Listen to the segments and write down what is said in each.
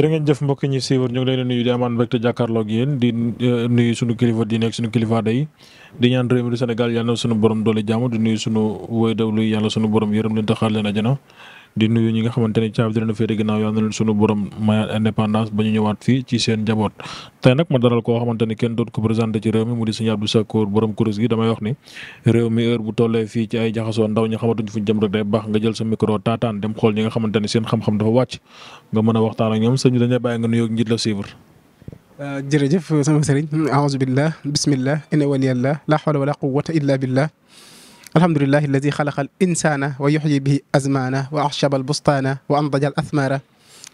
jërë ngeen jëf mbokk ñi siiwar ñu ngi leen di nuyu di amaan mbégte jàkkaarloog yéen di nuyu suñu kilifa di nekk suñu kilifa day di ñaan réew mi du Sénégal yàlla na suñu borom doole jàmm di nuyu suñu woy dawlu yàlla suñu borom yërëm leen taxaar leen ajana di nuyu ñi nga xamante ni caabi dina féete ginnaaw yal na sunu borom mayaat indépendance ba ñu ñëwaat fii ci seen njaboot tey nag ma daral koo xamante ni kenn doot ko présenté ci réew mi mu di Serigne Abdou Sakkour borom kuréel gi damay wax ni réew mi heure bu tollee fii ci ay jaxasoo ndaw ñi xamatuñ fu ñu day baax nga jël sa micro taataan dem xool ñi nga xamante seen xam-xam dafa wàcc nga mën a waxtaan ak ñoom sëñ bi dañuy bàyyi nga nuyoo la suivre euh, alhamdulilahi alladi xalaqa al insana wa yuxyi bihi azmana wa axshaba al bustaana wa andaja al athmaara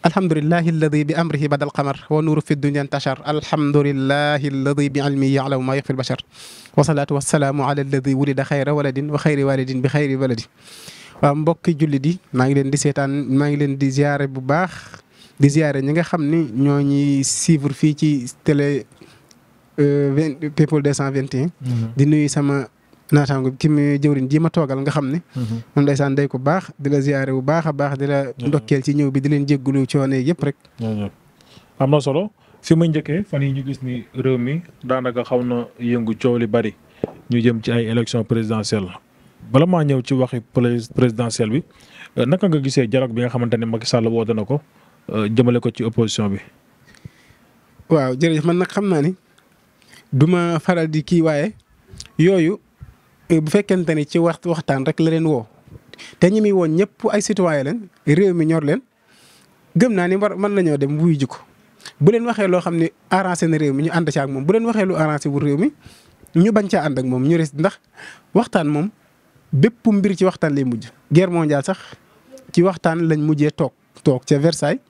alhamdulilahi alladi bi amrihi bada al qamar wa nuuru fi dunia ntachar alhamdulilahi alladi bi ilmihi yalamu maa yuxfi lbachar wasalaatu wasalaamu ala alladi wulida xayra waladin wa xayri walidin bi xayri waladi waaw mbokki jullit yi maa ngi leen di seetaan maa ngi leen di ziare bu baax di ziare ñi nga xam ni ñoo ñuy suivre fii ci télé euh, People 221 mm-hmm. di nuyu sama naataango ki mu jëwriñ ji ma toogal nga xam ne mhm. moom ndeysaan day ko baax di la ziyaare bu baax a baax di la ndokkeel ci ñëw bi di leen jéggulu coono yëpp rek am na solo si ma njëkkee fan yi ñu gis ni réew mi daanaka xaw na yëngu coow li bari ñu jëm ci ay élection présidentielle bala ma ñëw ci waxi présidentielle bi euh, naka nga gisee dialogue bi nga xamante ne Macky Sall woote na ko euh, jëmale ko ci opposition bi. waaw jërëjëf man nag xam naa ni duma faral di kii waaye yooyu Euh, bu fekkente ni ci waxtu waxtaan rek leneen woo te ñi muy woon ñëpp ay citoyen leen réew mi ñor leen gëm naa ni war mën nañoo dem wuyu ji ko bu leen waxee loo xam ne arrangé na réew mi ñu ànd ci ak moom bu leen waxee lu arrangé wu réew mi ñu bañ caa ànd ak moom ñu res ndax waxtaan moom bépp mbir ci waxtaan lay mujj. guerre mondiale sax ci waxtaan lañ mujjee toog toog ca Versailles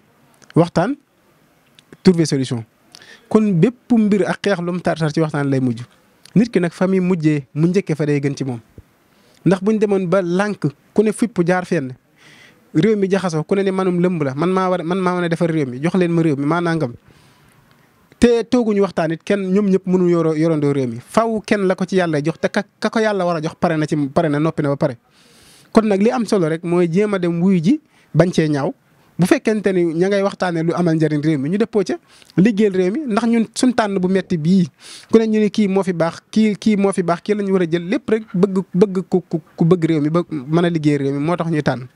waxtaan trouver solution kon bépp mbir ak xeex lu mu ci waxtaan lay mujj. nit ki nag fa muy mujjee mu njëkkee fa day gën ci moom ndax buñ demoon ba lànk ku ne fipp jaar fenn réew mi jaxasoo ku ne ne manum lëmb la man maa war man maa mën a defar réew mi jox leen ma réew mi maa nangam te tooguñu waxtaan it kenn ñoom ñëpp mënu yoroo yorandoo réew mi faw kenn la ko ci yàlla jox te ka ka ko yàlla war a jox pare na ci pare na noppi na ba pare kon nag li am solo rek mooy jéem a dem wuyu ji bañ cee ñaaw bu fekkente ni ña ngay waxtaanee lu amal njariñ réew mi ñu def ca liggéeyal réew mi ndax ñun suñ tànn bu metti bii ku ne ñu ne kii moo fi baax kii kii moo fi baax kii la ñu war a jël lépp rek bëgg bëgg ku ku bëgg réew mi ba mën a liggéey réew mi moo tax ñu tànn.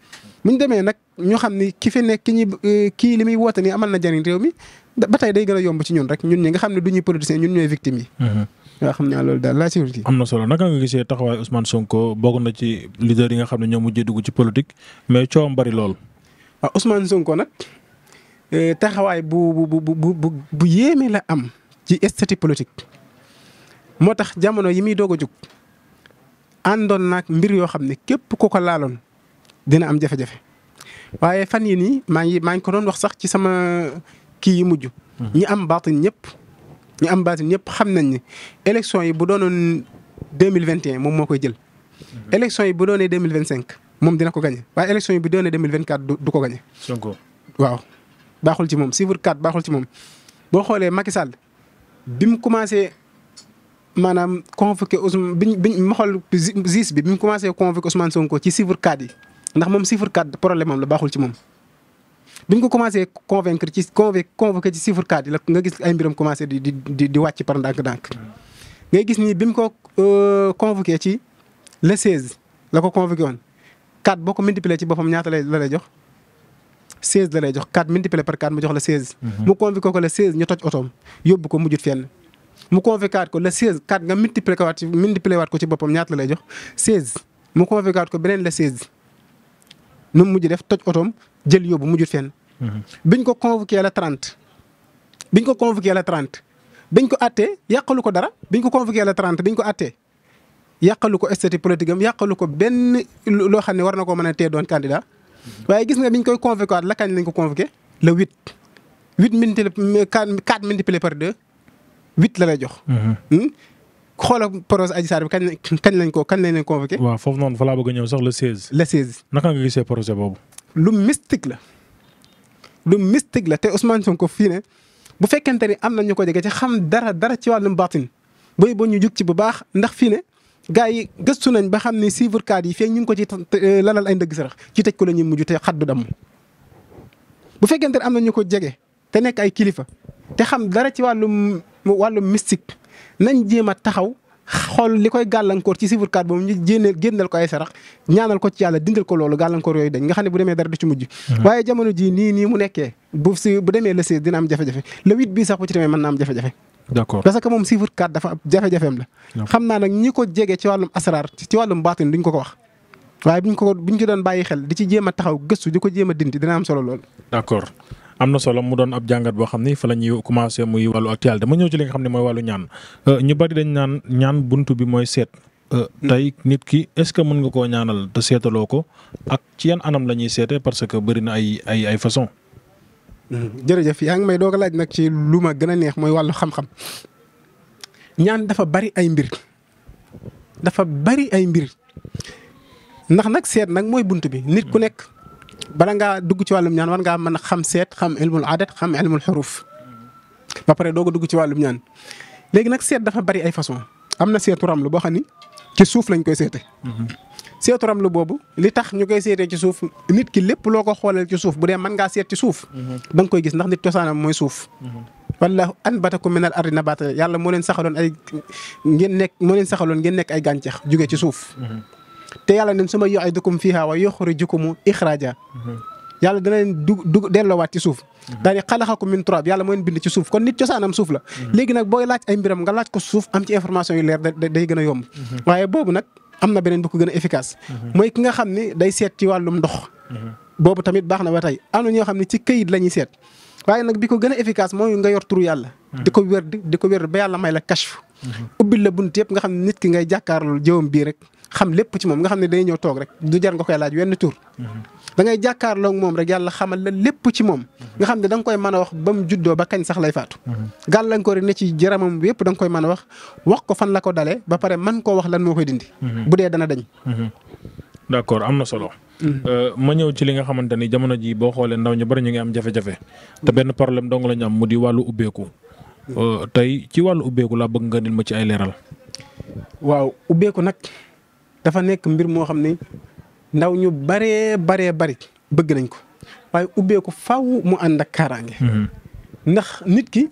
bu ñu demee nag ñu xam ni ki fi nekk ki ñuy euh, kii li muy woote nii amal na njëriñ réew mi ba tey day gën a yomb ci ñun rek ñun ñi nga xam ne du ñuy producteurs ñun ñooy victimes yi. Mm-hmm. waaw xam naa am na solo naka nga gisee taxawaay Ousmane Sonko bokk na ci yi nga xam ne ñoo mujjee dugg ci politique mai coowam bari lool waaw ah, Ousmane Sonko nag euh, taxawaay bu bu bu bu bu yéeme la am ci esthétique politique moo tax jamono yi muy doog a jug àndoon naag mbir yoo xam ne képp ku ko laaloon dina am jafe-jafe waaye fan yi nii maa ngi maa ngi ko doon wax sax ci sama kii yi mujj. Mhm. ñi am baatin ñëpp ñi am baatin ñëpp xam nañ ni élection yi bu doonoon deux mille vingt et moom moo koy jël. Mhm. élection yi bu doonee deux mille vingt cinq moom dina ko gagné waaye élection yi bu déwénee 2024 du du ko gagné. waaw baaxul ci moom chiffre 4 baaxul ci moom. boo xoolee Macky Sall bi mu commencé maanaam convoqué Ousmane bi bi ma xool gis bi bi mu commencé convoqué Ousmane Sonko ci chiffre 4 yi ndax moom chiffre 4 problème am la baaxul ci moom. bi ko commencé convaincre ci convoqué convoqué ci chiffre 4 yi la nga gis ay mbiram commencé di di di wàcc par ndànk-ndànk. ngay gis nii bi mu ko euh, convoqué ci le 16 la ko convoqué woon. 4 boo ko multiplier ci boppam ñaata lay la lay jox 16 la lay jox 4 multiplier par 4 mu jox la 16. Mhm. mu convoqué ko le 16 ko mujjut ko le 16 4 nga multiplier ko waat ci waat ko ci boppam ñaata la lay jox mu convoqué ko beneen nu mu mujj def toj otoom jël yóbbu mujjut fenn. Mhm. biñ ko convoqué la 30 biñ ko convoqué la 30 biñ ko attee yàqalu ko dara biñ ko convoqué la 30 biñ ko attee. yàqalu ko statut politique am yàqalu ko benn loo xam ne war na koo mën a tee doon candidat waaye gis nga biñ koy convoqué waat la kañ lañ ko convoqué le huit huit multiplié quatre multiplié par deux huit la lay jox. Mm-hmm. Hmm? xoolal procès Adji Sarr bi kañ kañ lañ ko kañ lañ leen convoqué. waa foofu noonu fa laa bëgg a ñëw sax le seize. le seize naka nga gisee projet boobu. lu mystique la lu mystique la te Ousmane soon ko ne bu fekkente ni am na ñu ko jege ci xam dara dara ci wàllum baatin booy boo ñu jug ci bu baax ndax fii gars yi gëstu nañ ba xam ne suivre kat yi feeg ñu ngi ko ci euh, lalal ay ndëgg sarax ci tëj ko la ñuy mujj te xaddu dam bu fekkente ne am na ñu ko jege te nekk ay kilifa te xam dara ci wàllum wàllum mystique nañ jéem a taxaw xool li koy gàllankoor ci suivre kat boobu ñu jénneel génneel ko ay sarax ñaanal ko ci yàlla dindal ko loolu gàllankoor yooyu dañ nga xam ne bu demee dara du ci mujj. Mmh. waaye jamono jii nii nii mu nekkee bu si bu demee le 16 dina am jafe-jafe le 8 sax bu ci demee mën na am jafe-jafe d'accord parce que moom chiffre 4 dafa am jafe-jafeem la. xam naa nag ñi ko jege ci wàllum asaraar ci wàllum baatin duñ ko ko wax. waaye buñ ko buñ ci doon bàyyi xel di ci jéema taxaw gëstu di ko jéem a dindi dina am solo lool. d'accord am na solo mu doon ab jàngat boo xam ni fa la ñuy commencé muy wàllu actualité dama ñëw ci li nga xam ne mooy euh, ñu bari dañ naan ñaan buntu bi mooy seet. Euh, hmm. tey nit ki est-ce que mën nga koo ñaanal te seetaloo ko ak ci yan anam lañuy seete parce que bëri na ay ay ay façon jërëjëf yaa ngi may doog a laaj nag ci lu ma gën a neex mooy wàllu xam-xam ñaan dafa bari ay mbir dafa bari ay mbir ndax nag seet nag mooy bunt bi nit ku nekk bala ngaa dugg ci wàllum ñaan war ngaa mën a xam seet xam ilmul adat xam ilmul xuruf ba pare doog a dugg ci wàllum ñaan léegi nag seet dafa bari ay façon am na seetu la boo xam ni ci suuf lañ koy seete mm-hmm. seetu ramlu boobu li tax ñu koy seetee ci suuf nit ki lépp loo ko xoolal ci suuf bu dee man ngaa seet ci suuf. da mhm. nga koy gis ndax nit cosaanam mooy suuf. Mhm. wallaahu anbatakum minal ardi nabaata yàlla moo leen saxaloon ay ngeen nekk moo leen saxaloon ngeen nekk ay gàncax jóge ci suuf. Mhm. te yàlla ne suma yu'idukum fiihaa wa yuxrijukum ixraaja yàlla dana leen du du delloowaat ci suuf. daal di xalaxakum min turab yàlla moo leen bind ci suuf kon nit cosaanam suuf la. léegi nag booy laaj ay mbiram nga laaj ko suuf am ci information yu leer da gën a yomb. waaye boobu nag am na beneen bu ko gën a efficace. Mhm. mooy ki nga xam ne day seet ci wàllum ndox. Mhm. boobu tamit baax na ba tey am na ñoo xam ne ci këyit la ñuy seet waaye nag bi ko gën a efficace mooy nga yor turu yàlla. Mhm. di ko wér di ko wér ba yàlla may la kashf ubbil la bunt yëpp nga xam ne nit ki ngay jàkkaarloo jëwam bii rek xam lépp ci moom nga xam ne day ñëw toog rek du jar nga koy laaj wenn tur da ngay jàkkaarloo moom rek yàlla xamal la lépp ci moom nga xam ne danga koy mën a wax ba mu juddoo ba kañ sax lay faatu gàllankoor yi ne ci jaramam bi yëpp da nga koy mën a wax wax ko fan la ko dale ba pare man koo wax lan moo koy dindi bu dee dana dañ d'accord am na solo mm-hmm. euh, ma ñëw ci li nga xamante ni jamono ji boo xoolee ndaw ñu bari ñu ngi am jafe-jafe te benn problème dong la am mu di wàllu ubbeeku Euh, tey ci wàllu ubbeeku laa bëgg nga nil ma ci ay leeral. waaw ubbeeku nag dafa nekk mbir moo xam ni ndaw ñu baree baree bari bëgg nañ ko waaye ubbeeku faw mu ànd ak kaaraange. Mhm. ndax nit ki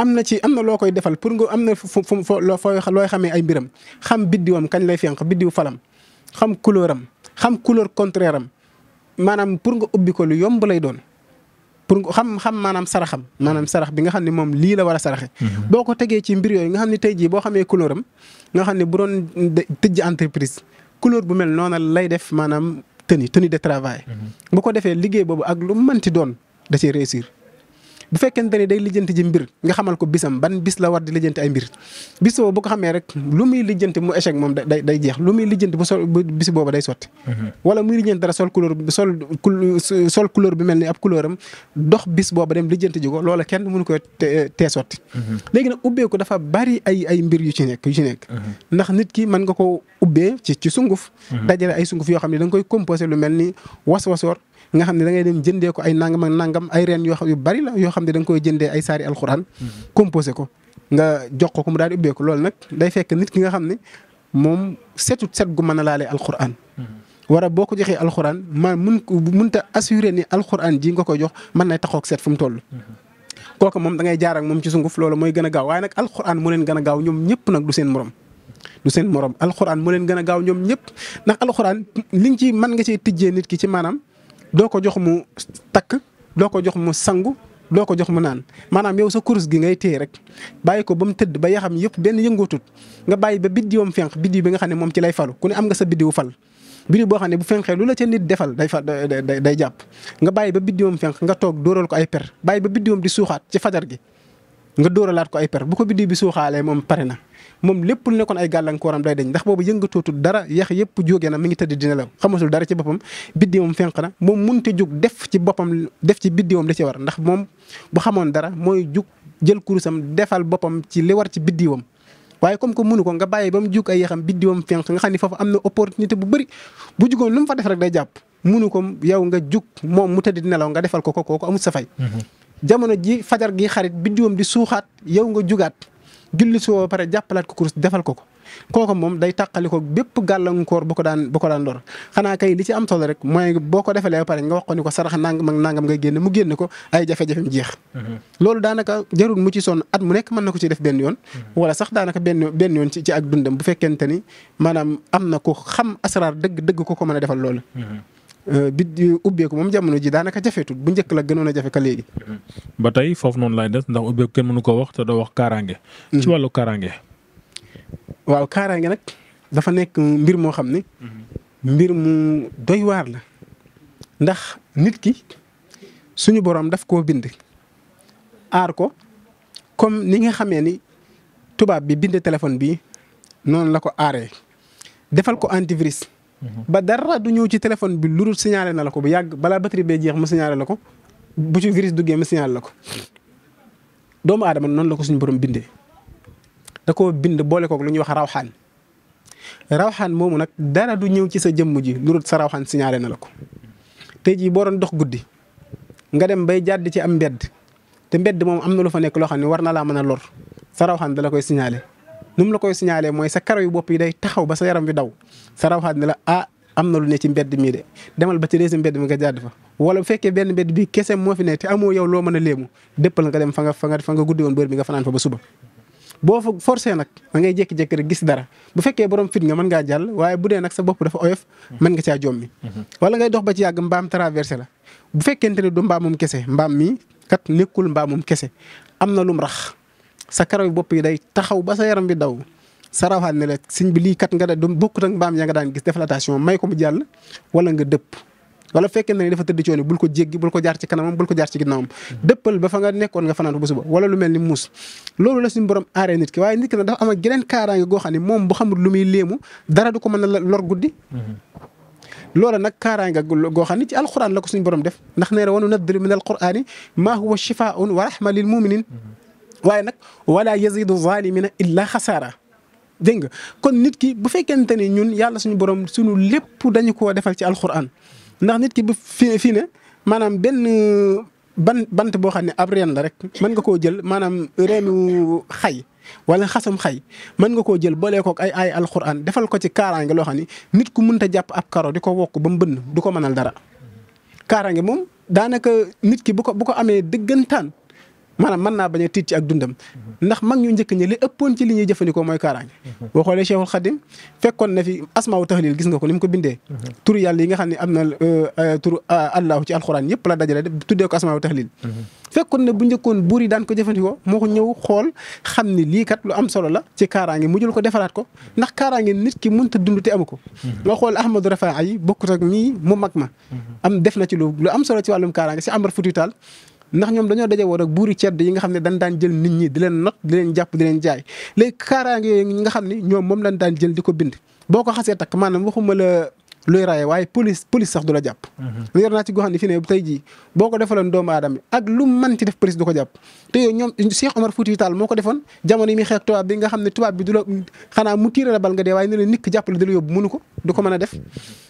am na ci am na loo koy defal pour nga am na fu fu looy xamee ay mbiram xam biddiwam kañ lay fenq biddiw falam xam couleur xam couleur contraire am maanaam pour nga ubbi ko lu yomb lay doon. pour xam xam maanaam saraxam maanaam sarax bi nga xam ne moom lii la war a saraxe mhm. boo ko tegee ci mbir yooyu nga xam ne tey ji boo xamee couleur am nga xam ne bu doon tëjj entreprise couleur bu mel noona lay def maanaam tenue tenue de travail mhm. bu ko defee liggéey boobu ak lu mënti doon da réussir bu fekkente ni day lijjanti ji mbir nga xamal ko bisam ban bis la war di lijjanti ay mbir bis boobu bu ko xamee rek lu muy lijjanti mu échec moom day day jeex lu muy lijjanti bu sol bis boobu day sotti. Mm-hmm. wala muy lijjanti dara sol couleur sol sol couleur bi mel ni ab couleur am dox bis boobu dem lijjanti ji ko loola kenn mënu ko tee sotti. Mm-hmm. léegi nag ubbeeku dafa bari ay ay mbir yu ci nekk yu ci nekk. Mm-hmm. ndax nit ki mën nga koo ubbee ci ci sunguf. dajale ay sunguf yoo xam ne da nga koy composé lu mel ni was wasoor nga xam ne da ngay dem jëndee ko ay nangam nangam ay reen yoo xam yu bari la yoo xam ne da koy jëndee ay saari alxuraan. Mm-hmm. composé ko nga jox ko mu daal di ko loolu nag day fekk nit ki nga xam ne moom setut set gu mën a laalee alxuraan. Mm-hmm. wara boo ko joxee alxuraan ma mun mun ta assuré ni alxuraan ji nga koy jox mën nay taxoog set fu mu toll. Mm-hmm. kooku moom da ngay jaar ak moom ci sunguf loolu mooy gën a gaaw waaye nag alxuraan moo leen gën a gaaw ñoom ñëpp nag du seen morom. du seen morom alxuraan moo leen gën a gaaw ñoom ñëpp ndax alxuraan liñ ci mën nga cee tijjee nit ki ci maanaam doo ko jox mu takk doo ko jox mu sangu doo ko jox mu naan maanaam yow sa kurus gi ngay téye rek bàyyi ko ba mu tëdd ba yaxam yëpp benn yëngootut nga bàyyi ba biddiwam fenq biddiw bi nga xam ne moom ci lay falu ku ne am nga sa biddiwu fal. biddiw boo xam ne bu fenqee lu la ca nit defal day fa day jàpp nga bàyyi ba biddiwam fenq nga toog dóoral ko ay per bàyyi ba biddiwam di suuxaat ci fajar gi. nga dóoralaat ko ay per bu ko biddiw bi suuxaalee moom pare na moom lépp lu nekkoon ay gàllankooram day dañ ndax boobu yëngatootul dara yax yëpp jóge na mi ngi tëdd dina law xamatul dara ci boppam biddiwam fenq na moom munte jug def ci boppam def ci biddiwam da ci war ndax moom bu xamoon dara mooy jug jël kurusam defal boppam ci li war ci biddiwam waaye comme que munu ko nga bàyyi ba mu jug ay yaxam biddiwam fenq nga xam ni foofu am na opportunité bu bëri bu jugoon lu mu fa def rek day jàpp munu ko yow nga jug moom mu tëdd nelaw nga defal ko ko kooku amul sa fay mm-hmm. jamono ji fajar gi xarit biddiwam di suuxaat yow nga jugaat julli si woo pare jàppalaat ko kurus defal ko ko kooku moom day tàqali ko bépp gàllankoor bu ko daan bu ko daan lor xanaa kay li ci am solo rek mooy boo ko defalee ba pare nga wax ko ni ko sarax nangam ak nangam nga génn mu génn ko ay jafe-jafe jeex. Mhm. loolu daanaka jarul mu ci sonn at mu nekk mën na ko ci def benn yoon. Mhm. wala sax daanaka benn benn yoon ci ci ak dundam bu fekkente ni maanaam am na ko xam asraar dëgg dëgg ko ko mën a defal loolu. Mhm. Euh, bid ubbeeku moom jamono ji daanaka jafeetul bu njëkk la gënoon a jafe ka léegi. ba tey foofu noonu laay des ndax ubbeeku kenn mënu koo wax te doo wax kaaraange. ci mhm. wàllu kaaraange. waaw kaaraange nag dafa nekk mbir moo xam ne. Mhm. mbir mu doy la. ndax nit ki suñu borom daf koo bind. aar ko comme ni nga xamee ni tubaab bi bind téléphone bi noonu la ko aaree defal ko antivirus. ba dara du ñëw ci téléphone bi lu dul signalé na la ko bu yàgg balaa batterie bee jeex mu signalé la ko bu ci virus duggee mu signalé la ko doomu aadama noonu la ko suñu borom bindee da koo bind boole kook lu ñuy wax rawxaan rawxaan moomu nag dara du ñëw ci sa jëmm ji lu dul sa rawxaan signalé na la ko tey jii boo doon dox guddi nga dem bay jàdd ci am mbedd te mbedd moom am na lu fa nekk loo xam ne war na laa mën a lor sa rawxaan da la koy signalé nu mu la koy signalé mooy sa karaw yu bopp yi day taxaw ba sa yaram bi daw sa rawxaat ne la ah am na lu ne ci mbedd mii de demal ba ci rési mbedd mi nga jàdd fa wala bu fekkee benn mbedd bi kese moo fi ne te amoo yow loo mën a léemu dëppal nga dem fa nga fa nga fa nga guddi woon bër bi fanaan fa ba suba boo fa forcé nag da ngay jékki-jékki rek gis dara bu fekkee boroom fit nga mën ngaa jàll waaye bu dee nag sa bopp dafa oyof mën nga caa jommi mhm. wala ngay dox ba ci yàgg mbaam traversé la bu fekkente ne du mbaamum kese mbaam mi kat nekkul mbaamum kese am na lum rax sa karaw yi bopp yi day taxaw ba sa yaram bi daw sa rawaat ne la siñ kat nga da bokkut ak mbaam yaa nga daan gis déflation may ko mu jàll wala nga dëpp. wala fekkee ne dafa tëdd coono bul ko jéggi bul ko jaar ci kanamam bul ko jaar ci ginnaawam dëppal ba fa nga nekkoon nga fanaan ko ba suba wala lu mel ni muus loolu la suñu borom aaree nit ki waaye nit ki nag dafa am ak geneen kaaraange goo moom bu xamul lu muy léemu dara du ko mën a la ko suñu borom waaye nag wala yazidu zalimina illa xasaara dégg nga kon nit ki bu fekkente ne ñun yàlla suñu borom suñu lépp dañu koo defal ci alxuraan ndax nit ki bu fi fii ne maanaam benn ban bant boo xam ne ab reen la rek mën nga koo jël maanaam reenu xay wala xasum xay mën nga koo jël boole kook ay ay alxuraan defal ko ci kaaraange loo xam ne nit ku mënta jàpp ab karo di ko wokk ba mu bënn du ko mënal dara kaaraange moom daanaka nit ki bu ko bu ko amee dëggantaan maanaam mën naa bañ a tiit ci ak dundam ndax mag ñu njëkk ñi li ëppoon ci li ñuy jëfandikoo mooy kaaraange boo xoolee Cheikhul Khadim fekkoon na fi asmaaw tahlil gis nga ko ni mu ko bindee tur yàlla yi nga xam ne am na euh, tur euh, allahu ci alxuraan yëpp la dajale tuddee ko asmaaw tahlil fekkoon ne bu njëkkoon buur yi daan ko jëfandikoo moo ko ñëw xool xam ni lii am solo la ci kaaraange mu ko defaraat ko ndax kaaraange nit ki mënta dund te amu ko nga xool Ahmadu Rafaa yi bokkut ak ñii mu mag ma am def na ci lu am solo ci wàllum kaaraange si Amar Futi Taal ndax ñoom dañoo daje woon ak buuri cedd yi nga xam ne dañ daan jël nit ñi di leen not di leen jàpp di leen jaay léegi kaaraange yooyu nga xam ne ñoom moom lañ daan jël di ko bind boo ko xasee takk maanaam waxuma la luy raye waaye police police sax du la jàpp yor mhm. ko defaloon doomu aadama ak lu mën ci def police du ko moo ko defoon jamono yi muy xeex ne tubaab bi du la xanaa mu tiire la bal nga dee waaye ne di la yóbbu mënu ko du ko mën a def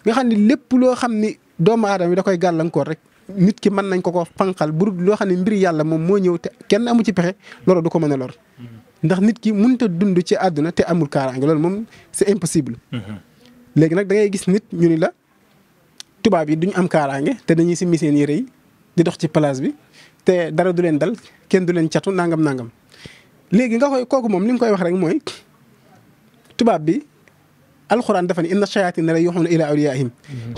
nga xam ne lépp loo xam ni doomu aadama bi da koy gàllankoor rek nit ki mën nañ ko ko fanqal bu loo xam ne mbir yàlla moom moo ñëw te kenn amu ci pexe loolu du ko mën a lor mm-hmm. ndax nit ki mënut a dund ci àdduna te amul kaaraange loolu moom c'est impossible. Mm-hmm. léegi nag da ngay gis nit ñu ni la tubaab yi duñ am kaaraange te dañuy simmi seen yére yi di dox ci place bi te dara du leen dal kenn du leen catu nangam nangam léegi nga koy kooku moom li nga koy wax rek mooy tubaab bi. alxuraan dafa ne inna shayatina la yuxuna ila awliyaihim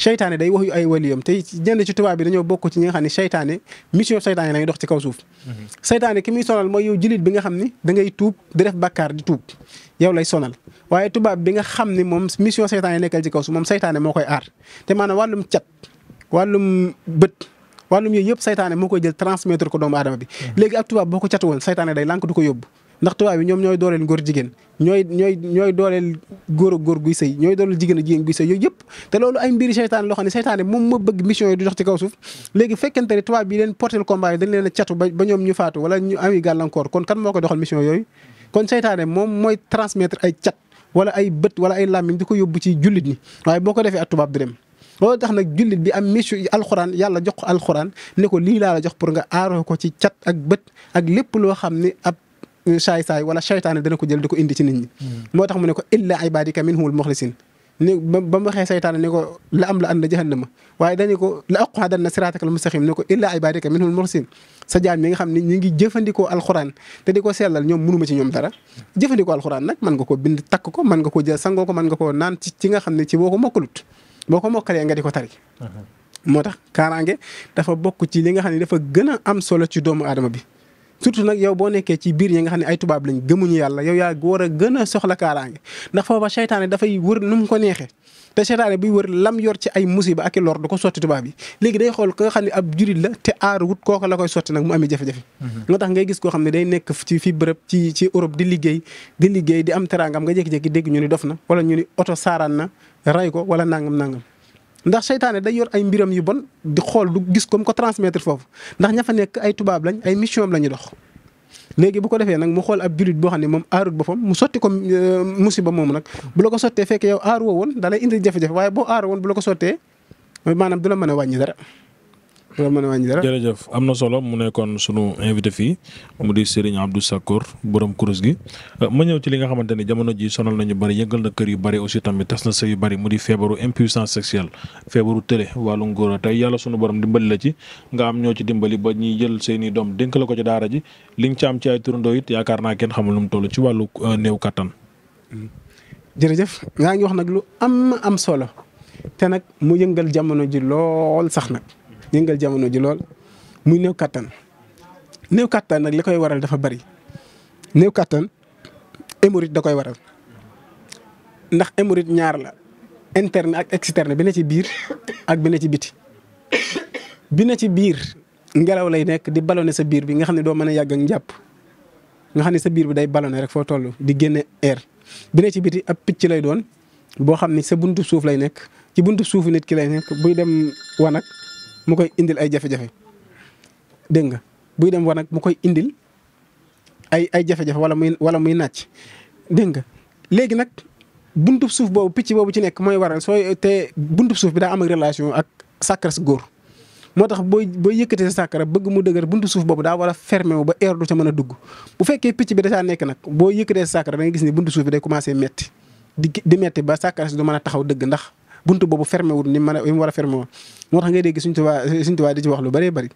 seytaane day wax yu ay waliyam te ñenn ci tubaab bi dañoo bokk ci ñi nga xam ne seytaane mission seytaane la ñuy dox ci kaw suuf seytaane sonal mooy yow jilit bi nga xam ne da ngay tuub di def bàkkaar di yow lay sonal waaye tubaab bi nga xam ne moom mission seytaane nekkal ci kaw suuf moom seytaane moo koy aar te maanaam wàllum cat wàllum bët wàllum yooyu yëpp seytaane moo koy jël transmettre ko doomu aadama bi mm-hmm. léegi ab tubaab boo ko catu woon seytaane day lànk ko yóbbu ndax tubaab bi ñoom ñooy dooleel ngóor jigéen ñooy ñooy ñooy dooleel góor góor guy sëy ñooy dooleel jigéen ak jigéen guy sëy yooyu yëpp te loolu ay mbiri seytaane loo xam ne seytaane moom ma bëgg mission yi du dox ci kaw suuf léegi fekkente ne tubaab bi leen portel combat yi dañ a catu ba kan moo koy doxal mission yooyu kon seytaane moom mooy transmettre ay cat wala ay bët wala ay làmmiñ di ko yóbbu ci jullit ñi waaye boo ko defee ak tubaab du dem loolu tax nag jullit bi am mission alxuraan yàlla jox ko alxuraan ne ko lii laa la jox pour nga aaroo ko ci cat ak bët ak lépp loo xam ne ab saay saay wala saytaane dana ko jël di ko indi ci nit ñi. Hmm. moo tax mu ne ko illa ibadika minhumul muxlisin ni ba ba mu waxee saytaane ne ko la am la ànd jahannama waaye dañu ko la aqudanna siratakal mustaqim ne ko illa ibadika minhumul muxlisin sa jaam ñi nga xam ne ñi ngi jëfandikoo alxuraan te di ko sellal ñoom mënuma ci ñoom dara jëfandikoo alxuraan nag mën nga ko bind takk ko mën nga ko jël sangoo ko mën nga ko naan ci ci nga xam ne ci boo ko mokkalut boo ko mokkalee nga di ko tari moo tax kaaraange dafa bokk ci li nga xam ne dafa gën a am solo ci doomu aadama bi surtout nag yow boo nekkee ci biir ñi nga xam ne ay tubaab lañ gëmuñu yàlla yow yaa war a gën a soxla kaaraange ndax foofa seytaane dafay wër nu mu ko neexee te seytaane buy wër lam yor ci ay musiba ak loor lor ko sotti tubaab yi léegi day xool ka nga xam ne ab jurit la te aar wut la koy sotti nag mu amee jafe mhm. moo tax ngay gis koo xam ne day nekk ci fi bërëb ci ci Europe di liggéey di di am teraangam nga jékki-jékki dégg ñu ni dof na wala ñu oto saaraan na ray ko wala nangam nangam ndax seytaane day yor ay mbiram yu bon di xool du gis comme mu ko transmettre foofu ndax ñafa nekk ay tubaab lañ ay mission am la ñu dox. léegi bu ko defee nag mu xool ab jullit boo xam ne moom aarut boppam mu sotti ko euh, musiba moomu nag bu la ko sottee fekkee yow aaru woon da indi jafe-jafe waaye boo aaru woon bu la ko sottee maanaam du la mën a wàññi dara. loolu mën a wàññi jërëjëf am na solo mu nekkoon sunu invité fii mu di Serigne Abdou Sakkour borom kurus gi euh, ma ñëw ci li nga xamante ni jamono ji sonal nañu bari yëngal na kër yu bari aussi tamit tas na sëy yu bari mu di feebaru impuissance sexuelle feebaru tële wàllu ngóor tey yàlla sunu borom dimbali la ci nga am ñoo ci dimbali ba ñuy jël seeni doom dénk la ko ci daara ji li nga ci am ci ay turandoo it yaakaar naa kenn xamul nu mu toll ci wàllu euh, néew kattan. Hmm. ngi wax nag lu am am solo te nag mu yëngal jamono ji lool sax nag yëngal jamono ji lool muy néew kàttan néew kàttan nag li koy waral dafa bari néew kattan hémorroïde da koy waral ndax hémorroïde ñaar la interne ak externe bi ne ci biir ak bi ne ci biti bi ne ci biir ngelaw lay nekk di ballonné sa biir bi nga xam ne doo mën a yàgg ak njàpp nga xam ne sa biir bi day balone rek foo toll di génne air bi ne ci biti ab picc lay doon boo xam ne sa buntu suuf lay nekk ci buntu suufu nit ki lay nekk buy dem wanag mu koy indil ay jafe-jafe dégg nga buy dem wa nag mu koy indil ay ay jafe-jafe wala muy wala muy nàcc dégg nga léegi nag buntub suuf boobu picc boobu ci nekk mooy waral soo te buntu suuf bi daa am ak relation ak sàkkara góor moo tax booy booy yëkkatee sa sàkkara bëgg mu dëgër buntu suuf boobu daa war a fermé wu ba air du ca mën a dugg bu fekkee picc bi da caa nekk nag boo yëkkatee sa sàkkara da gis ni buntu suuf bi day commencé metti di di metti ba sàkkara si du mën a taxaw dëgg ndax buntu boobu fermé wul ni mu mën a ni mu war a fermé woon moo tax ngay dégg suñ tubaa suñ tubaa lu bëree bëri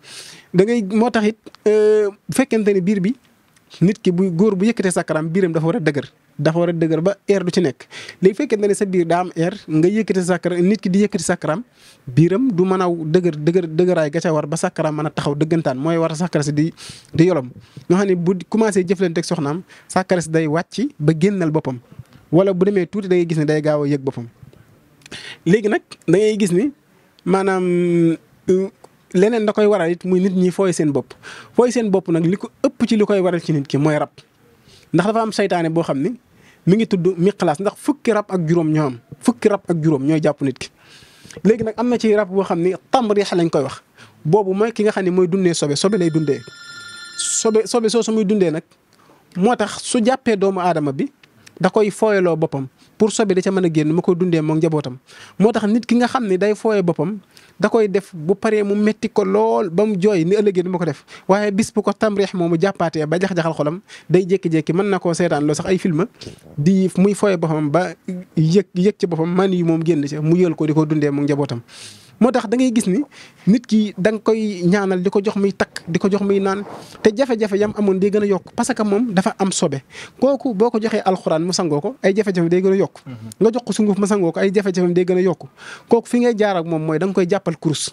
da ngay moo tax it euh, bu fekkente ne biir bi nit ki bu góor bu yëkkatee sakaram biiram dafa war a dëgër dafa war a dëgër ba air du ci nekk léegi fekkente ne sa biir daa am air nga yëkkati sakaram nit ki di yëkkati sakaram biiram du mën a dëgër dëgër dëgëraay ga ca war ba sakaram mën a taxaw dëggantaan mooy war a sakara si di di yolom ñoo xam ne bu commencé jëflanteeg soxnaam sakara si day wàcc ba génnal boppam wala bu demee tuuti da gis ne day gaaw a boppam léegi nag da gis ni maanaam euh, leneen da koy waral it muy nit ñi fooy seen bopp fooy seen bopp nag li ko ëpp ci li koy waral ci nit ki mooy rab ndax dafa am saytaane boo xam ni mu ngi tudd miqlaas ndax fukki rab ak juróom ñoo am fukki rab ak juróom ñooy jàpp nit ki. léegi nag am na ci rab boo xam ni tamriix lañ koy wax boobu mooy ki nga xam ne mooy dundee sobe sobe lay dundee sobe sobe soo su muy dundee nag moo tax su jàppee doomu aadama bi. da koy fooyaloo boppam pour sobe da ca mën a génn mu ko dundee moom njabootam moo tax nit ki nga xam ne day fooye boppam da koy def bu paree mu metti ko lool ba mu jooy ni ëllëgee ni ma ko def waaye bis bu ko tamreex moomu jàppaatee ba jax-jaxal xolam day jékki-jékki mën na koo seetaan loo sax ay film di muy fooye boppam ba yëg yëg ci boppam man yi moom génn ca mu yël ko di ko dundee moom njabootam moo tax dangay gis ni nit ki da nga koy ñaanal di ko jox muy takk di ko jox muy naan te jafe-jafe yam amoon day gën a yokk parce que moom dafa am sobe kooku boo ko joxee alxuraan mu sangoo ko ay jafe-jafe day gën a yokk mhm. nga jox ko sunguf mu sangoo ko ay jafe-jafem day gën a yokk kooku fi ngay jaar moom mooy danga koy jàppal kurus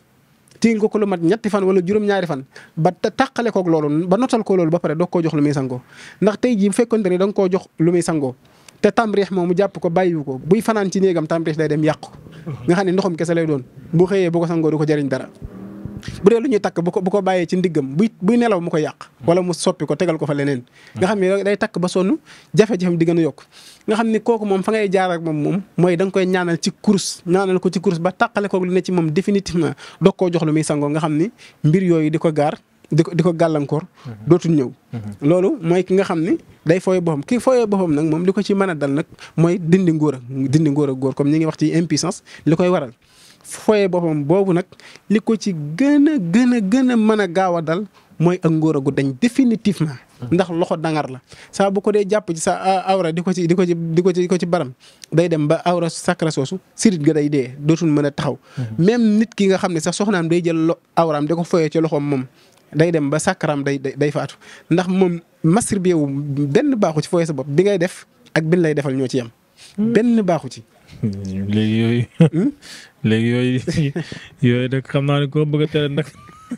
tiil ko ko lu mat ñetti fan wala juróom-ñaari fan ba tàqale koog loolu ba notal ko loolu ba pare doo ko jox lu muy sangoo ndax tey jii bu ne da nga jox lu muy sangoo te tamriix moom mu jàpp ko bàyyiwu ko buy fanaan ci néegam tamriix day dem yàqu nga xam ne ndoxum kese lay doon bu xëyee bu ko sangoo du ko jëriñ dara bu dee lu ñuy takk bu ko bu ko bàyyee ci ndiggam buy buy nelaw mu ko yàq wala mu soppi ko tegal ko fa leneen nga xam ne day takk ba sonn jafe di gën a yokk nga xam ne kooku moom fa ngay jaar ak moom moom mooy da koy ñaanal ci course ñaanal ko ci course ba tàqale ko li ne ci moom définitivement doog koo jox lu muy sangoo nga xam ni mbir yooyu di ko gaar di ko di ko gàllankoor mhm. dootul ñëw mhm. loolu mooy ki nga xam ne day fooye boppam ki fooye boppam nag moom li ko ci mën a dal nag mooy dindi ngóor dindi ngóor ak góor comme ñi ngi wax ci impuissance li koy waral fooye boppam boobu nag li ko ci gën a gën a gën a mën a gaaw a dal mooy ak ngóor gu dañ définitivement mhm. ndax loxo dangar la saa bu ko dee jàpp ci sa awra di ko ci di ko ci di ko ci ko ci baram day dem ba awra sakra soosu sirit ga day dee dootul mën a taxaw même nit ki nga xam ne sax soxnaam day jël awraam di ko foyee moom day dem ba sàkkaraam day day faatu ndax moom masturbé wu benn baaxu ci fooy sa bopp bi ngay def ak bin lay defal ñoo ci yem. Hmm. benn baaxu ci. Hmm, léegi yooyu. Hmm? léegi yooyu yooyu xam naa ne koo bëgg a tere nag.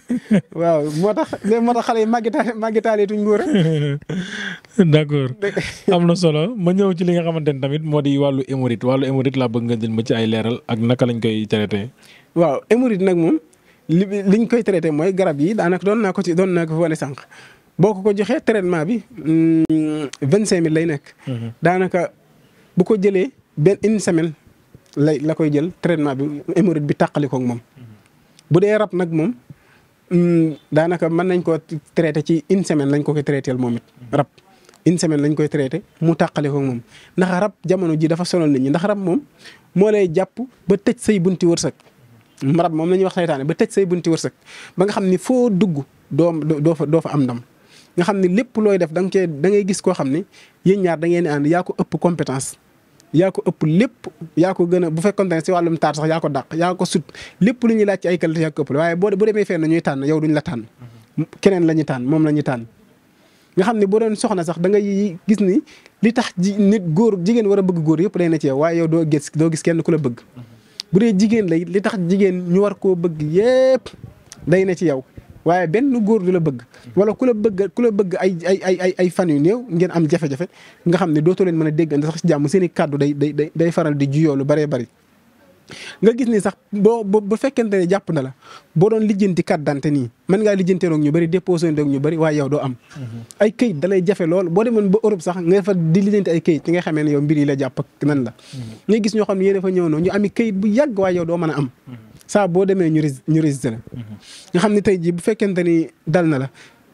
waaw moo tax léegi xale yi màggitaale màggitaale tuñ góor d' accord am na solo ma ñëw ci li nga xamante ne tamit moo di wàllu émorite wàllu émorite laa bëgg nga jël ma ci ay leeral ak naka lañ koy traité. waaw émorite nag moom. li liñ koy traité mooy garab yi daanaka doon naa ko ci doon naa ko wane sànq boo ko ko joxee traitement bi mm, vingt cinq lay nekk. Mhm. daanaka bu ko jëlee benn semaine lay la koy jël traitement bi hémorroïde bi tàqali kook moom. Mhm. bu dee rab nag moom mm, daanaka man nañ koo traité ci une semaine lañ ko koy traité moom it mhm. rab. une semaine lañ koy traité mu tàqale ko moom ndax rab jamono ji dafa sonal nit ñi ndax rab moom moo lay jàpp ba tëj say bunti wërsëg. marab moom la ñuy wax saytaane ba tëj say bunti wërsëg ba nga xam ni foo dugg doo doo fa am ndam nga xam ni lépp looy def da nga cee da ngay gis koo xam ni yéen ñaar da ngeen di ànd yaa ko ëpp compétence. yaa ko ëpp lépp yaa ko gën a bu fekkoon ne si wàllum taar sax yaa ko dàq yaa ko sut lépp lu ñuy laaj ci ay qualité yaa ko ëpp waaye boo bu fee fenn ñuy tànn yow duñ la tànn. keneen la ñuy tànn moom la ñuy tànn. nga xam ne boo doon soxna sax da ngay gis ni li tax ji nit góor jigéen war a bëgg góor yëpp day na ci yow doo gis doo gis kenn ku la bëgg bu dee jigéen la li tax jigéen ñu war koo bëgg yépp day ne ci yow waaye benn góor du la bëgg wala ku la bëgg ku la bëgg ay ay ay ay ay fan yu néew ngeen am jafe-jafe nga xam ni dootu leen mën a dégg ndax si jàmm seen i kàddu day day day faral di juyoo lu bëree bëri. nga gis ni sax boo bu fekkente ne jàpp na la boo doon lijjanti carte d'identité nii mën ngaa lijjantee doog ñu bëri déposé doog ñu bëri waaye yow doo am mhm. ay këyit dalay jafe lool boo ba Europe sax nga fa di lijjanti ay këyit ci nga xamee ne yow mbir yi la jàpp nan la mhm. nga gis a am mhm. demee ñu ñu la nga xam ne tey bu fekkente ni dal na la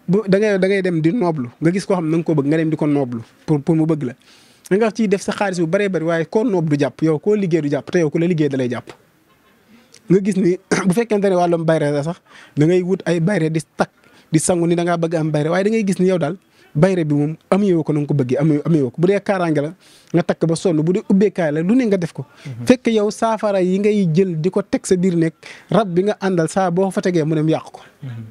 bu da ngay da ngay dem di nooblu nga gis koo xam na nga ko bëgg nga dem di ko nooblu pour mu bëgg la da a ciy def sa xaalis bu bëree bëri waaye ko noob du jàpp yow koo liggéey du jàpp te yow ku la liggéey nga gis ni bu fekkente ne wàllum bayre la sax da ngay wut ay bayre di takk di sangu ni da bëgg am bayre waaye da ngay gis ni yow daal bayre bi moom amuñu ko na nga ko bëggee amuñu amuñu ko bu dee kaaraange la nga takk ba sonn bu dee ubbeekaay la lu ne nga def ko. Mhm. fekk yow saafara yi ngay jël di ko teg sa biir nekk rab bi nga àndal saa boo fa tegee mu dem yàq ko. Mhm.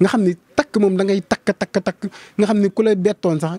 nga xam ni takk moom da ngay takk takk takk nga xam ni ku lay bettoon sax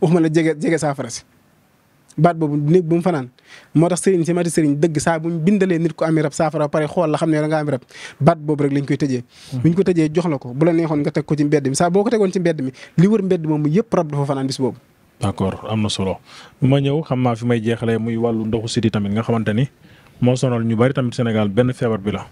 waxuma la jege jege saafara si baat boobu néeg bu mu fanaan moo tax sëriñ si mati sëriñ dëgg saa buñ bindalee nit ko ami rab saafara pare xool la xam ne da nga ami rab baat boobu rek lañ koy tëjee hmm. buñ ko tëjee jox la ko bu la neexoon nga teg ko ci mbedd mi saa boo ko tegoon ci mbedd mi li wër mbedd am na solo ma xam naa fi may jeexalee muy wàllu ndoxu siti tamit nga xamante ni moo sonal ñu bari tamit Sénégal benn feebar bi la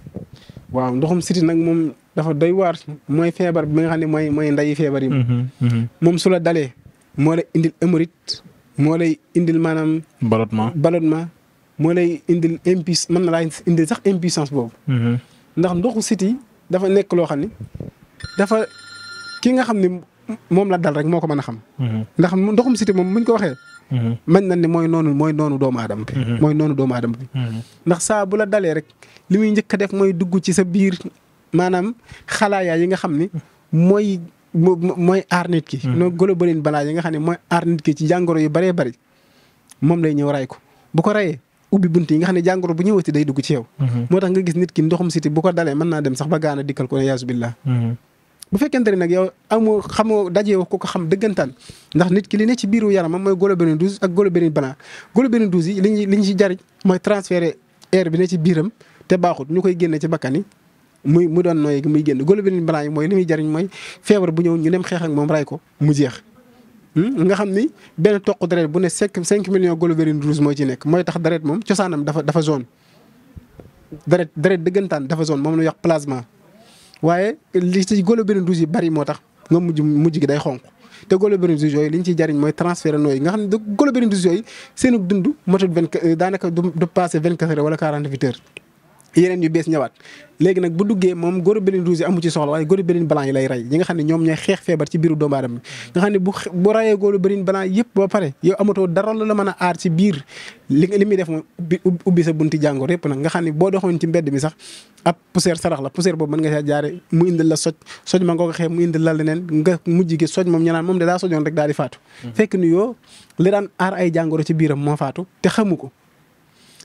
waaw ndoxum siti nag moom dafa doy waar mooy feebar bi nga xam ne mooy mooy ndayi feebar yi mm-hmm, mm-hmm. moom su la dalee moo lay indil hémorroïde moo lay indil maanaam. ballonnement ballonnement moo lay indil impuissance mën na laa indil sax impuissance boobu. Mm-hmm. ndax ndoxu siti dafa nekk loo xam ne dafa ki nga xam ni moom la dal rek moo ko mën a xam. Mm-hmm. ndax ndoxum siti moom muñ ko waxee. Mm-hmm. mañ nañ ne mooy noonu mooy noonu doomu aadama bi. mooy noonu doomu aadama bi. ndax saa la dalee rek li muy njëkk a def mooy dugg ci sa biir maanaam xalaayaa yi nga xam ni mooy mooy aar nit ki. Hmm. no globuline balaa yi nga xam ne mooy aar nit ki ci jàngoro yu bëree bëri moom lay ñëw ray ko bu ubbi bunt yi nga xam ne jàngoro bu ñëwati day dugg ci yow. Hmm. moo tax nga gis nit ki ndoxum siti bu ko ba gaana dikkal ko ne yaasu billah hmm. bu fekkente ne nag yow amoo xamoo dajee ko ko xam dëggantaan ndax nit ki li ne ci biiru yaramam mooy globulin douze ak globulin blanc globulin douze yi li ñu li ñu si air bi ne ci biiram te baaxut ñu koy génne ci bakkan muy mu doon nooy muy génn globulin blanc yi mooy li muy jariñ mooy feebar bu ñëw ñu dem xeex ak moom ray ko mu jeex. Hmm? nga xam ni benn toq deret bu ne cinq cinq millions globuline rouge mooy ci nekk mooy tax deret moom cosaanam dafa dafa zone. deret deret dëggantaan dafa zone moom la ñuy wax plasma waaye li ci globuline rouge yi bari moo tax nga mujj mujj gi day xonq te globuline rouge yooyu li ñu ciy jariñ mooy transfert nooy nga xam ne globuline rouge yooyu seenu dund matul euh, daanaka du passé vingt wala quarante huit yeneen yu bees ñëwaat léegi nag bu duggee moom góoru beneen rouge yi amu ci soxla waaye góoru beneen blanc yi lay rey ñi nga xam ne ñoom ñooy xeex feebar ci biiru doomu aadama nga xam ne bu bu rayee góoru beneen blanc yëpp pare yow amatoo xam ne boo doxoon ci mbedd mi sax ab poussière sarax la poussière boobu mën nga see jaare mu indil la soj soj ma nga la leneen nga mujj gi soj moom ñu naan moom da daa sojoon rek daal di faatu hmm. fekk ni ay jàngoro ci biiram moo faatu te xamu ko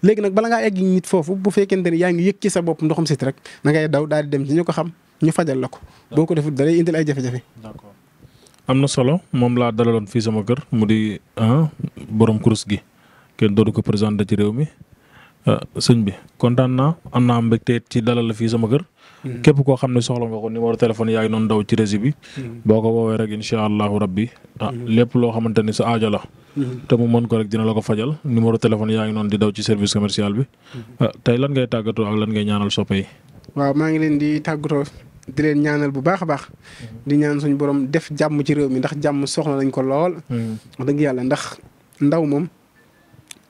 léegi nag bala ngaa egg nit foofu bu fekkente ne yaa ngi yëg ci sa bopp ndoxum sit rek na ngay daw daal di dem ci ñu ko xam ñu fajal la ko. boo ko defut dalay indil ay jafe-jafe. d'accord am na solo moom laa dalaloon fii sama kër mu di ah, boroom kurus gi kenn dootu ko présenté ci réew mi ah, sëñ bi kontaan naa am naa mbégte ci dalal la fii sama kër. Mm-hmm. képp ko xam ne soxla nga ko numéro téléphone yaa ngi noonu daw ci rési bi. Mm-hmm. boo ko woowee rek incha allahu rabbi. ah mm-hmm. lépp loo xamante ni sa aajo te mu mën ko rek dina la ko fajal numéro téléphone yaa ngi noonu di daw ci service commercial bi. Ah, tey lan ngay tàggatoo ak lan ngay ñaanal soppe yi. waaw maa ngi leen di tàggatoo di leen ñaanal bu baax a baax. di ñaan suñu borom def jàmm ci réew mi ndax jàmm soxla nañ ko lool. wax yàlla ndax ndaw moom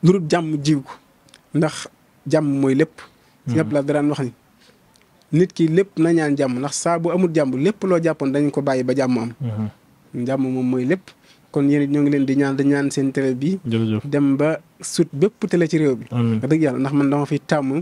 lu dul jàmm jiw ko jàmm mooy lépp. ñëpp la daraan wax ni nit kii lépp na ñaan jàmm ndax saa bu amul jàmm lépp loo jàppoon dañ ko bàyyi ba jàmm am. Mhm. jàmm moom mooy lépp. kon yéen ñoo ngi leen di ñaan di ñaan seen télé bi dem ba sut bépp télé ci réew bi. wax dëgg yàlla ndax man dama fi tàmm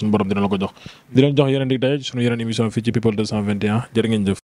suñu borom dina la ko jox di leen jox yeneen dig daje sunu yeneen émission fii ci people 221 jërë ngeen jëf